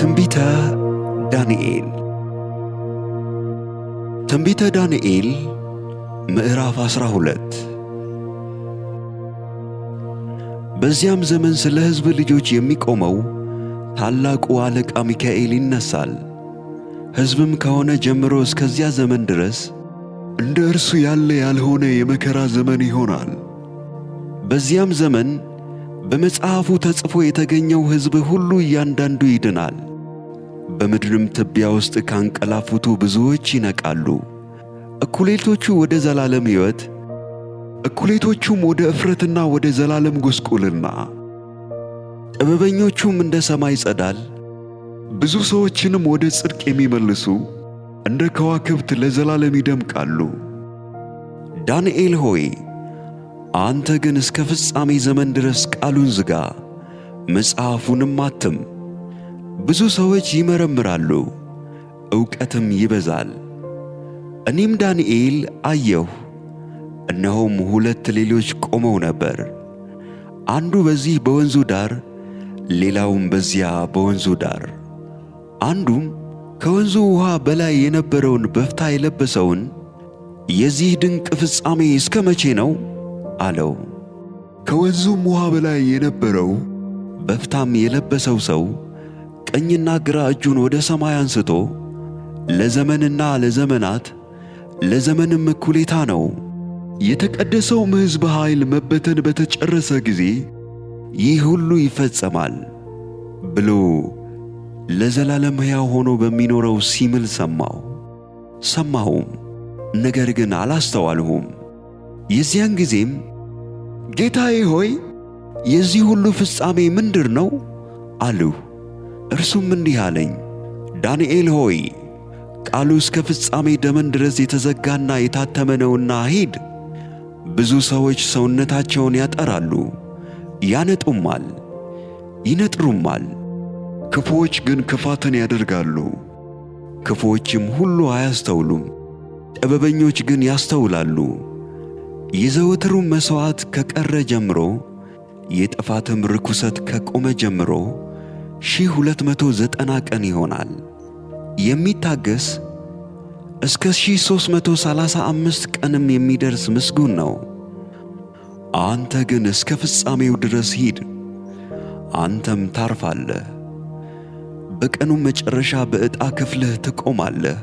ትንቢተ ዳንኤል ትንቢተ ዳንኤል ምዕራፍ አስራ ሁለት በዚያም ዘመን ስለ ሕዝብ ልጆች የሚቆመው ታላቁ አለቃ ሚካኤል ይነሣል። ሕዝብም ከሆነ ጀምሮ እስከዚያ ዘመን ድረስ እንደ እርሱ ያለ ያልሆነ የመከራ ዘመን ይሆናል። በዚያም ዘመን በመጽሐፉ ተጽፎ የተገኘው ሕዝብ ሁሉ እያንዳንዱ ይድናል። በምድርም ትቢያ ውስጥ ካንቀላፉቱ ብዙዎች ይነቃሉ። እኩሌቶቹ ወደ ዘላለም ሕይወት፣ እኩሌቶቹም ወደ እፍረትና ወደ ዘላለም ጉስቁልና። ጥበበኞቹም እንደ ሰማይ ጸዳል፣ ብዙ ሰዎችንም ወደ ጽድቅ የሚመልሱ እንደ ከዋክብት ለዘላለም ይደምቃሉ። ዳንኤል ሆይ አንተ ግን እስከ ፍጻሜ ዘመን ድረስ ቃሉን ዝጋ፣ መጽሐፉንም አትም። ብዙ ሰዎች ይመረምራሉ፣ ዕውቀትም ይበዛል። እኔም ዳንኤል አየሁ፣ እነሆም ሁለት ሌሎች ቆመው ነበር፣ አንዱ በዚህ በወንዙ ዳር፣ ሌላውም በዚያ በወንዙ ዳር። አንዱም ከወንዙ ውኃ በላይ የነበረውን በፍታ የለበሰውን የዚህ ድንቅ ፍጻሜ እስከ መቼ ነው? አለው። ከወንዙም ውኃ በላይ የነበረው በፍታም የለበሰው ሰው ቀኝና ግራ እጁን ወደ ሰማይ አንስቶ ለዘመንና ለዘመናት ለዘመንም እኩሌታ ነው። የተቀደሰውም ሕዝብ ኃይል መበተን በተጨረሰ ጊዜ ይህ ሁሉ ይፈጸማል ብሎ ለዘላለም ሕያው ሆኖ በሚኖረው ሲምል ሰማሁ። ሰማሁም፣ ነገር ግን አላስተዋልሁም። የዚያን ጊዜም ጌታዬ ሆይ የዚህ ሁሉ ፍጻሜ ምንድር ነው አልሁ። እርሱም እንዲህ አለኝ፣ ዳንኤል ሆይ ቃሉ እስከ ፍጻሜ ደመን ድረስ የተዘጋና የታተመ ነውና ሂድ። ብዙ ሰዎች ሰውነታቸውን ያጠራሉ፣ ያነጡማል፣ ይነጥሩማል። ክፉዎች ግን ክፋትን ያደርጋሉ፣ ክፉዎችም ሁሉ አያስተውሉም። ጥበበኞች ግን ያስተውላሉ። የዘወትሩም መሥዋዕት ከቀረ ጀምሮ የጥፋትም ርኩሰት ከቆመ ጀምሮ ሺህ 2መቶ 1290 ቀን ይሆናል። የሚታገስ እስከ ሺህ 1335 ቀንም የሚደርስ ምስጉን ነው። አንተ ግን እስከ ፍጻሜው ድረስ ሂድ፣ አንተም ታርፋለህ። በቀኑም መጨረሻ በዕጣ ክፍልህ ትቆማለህ።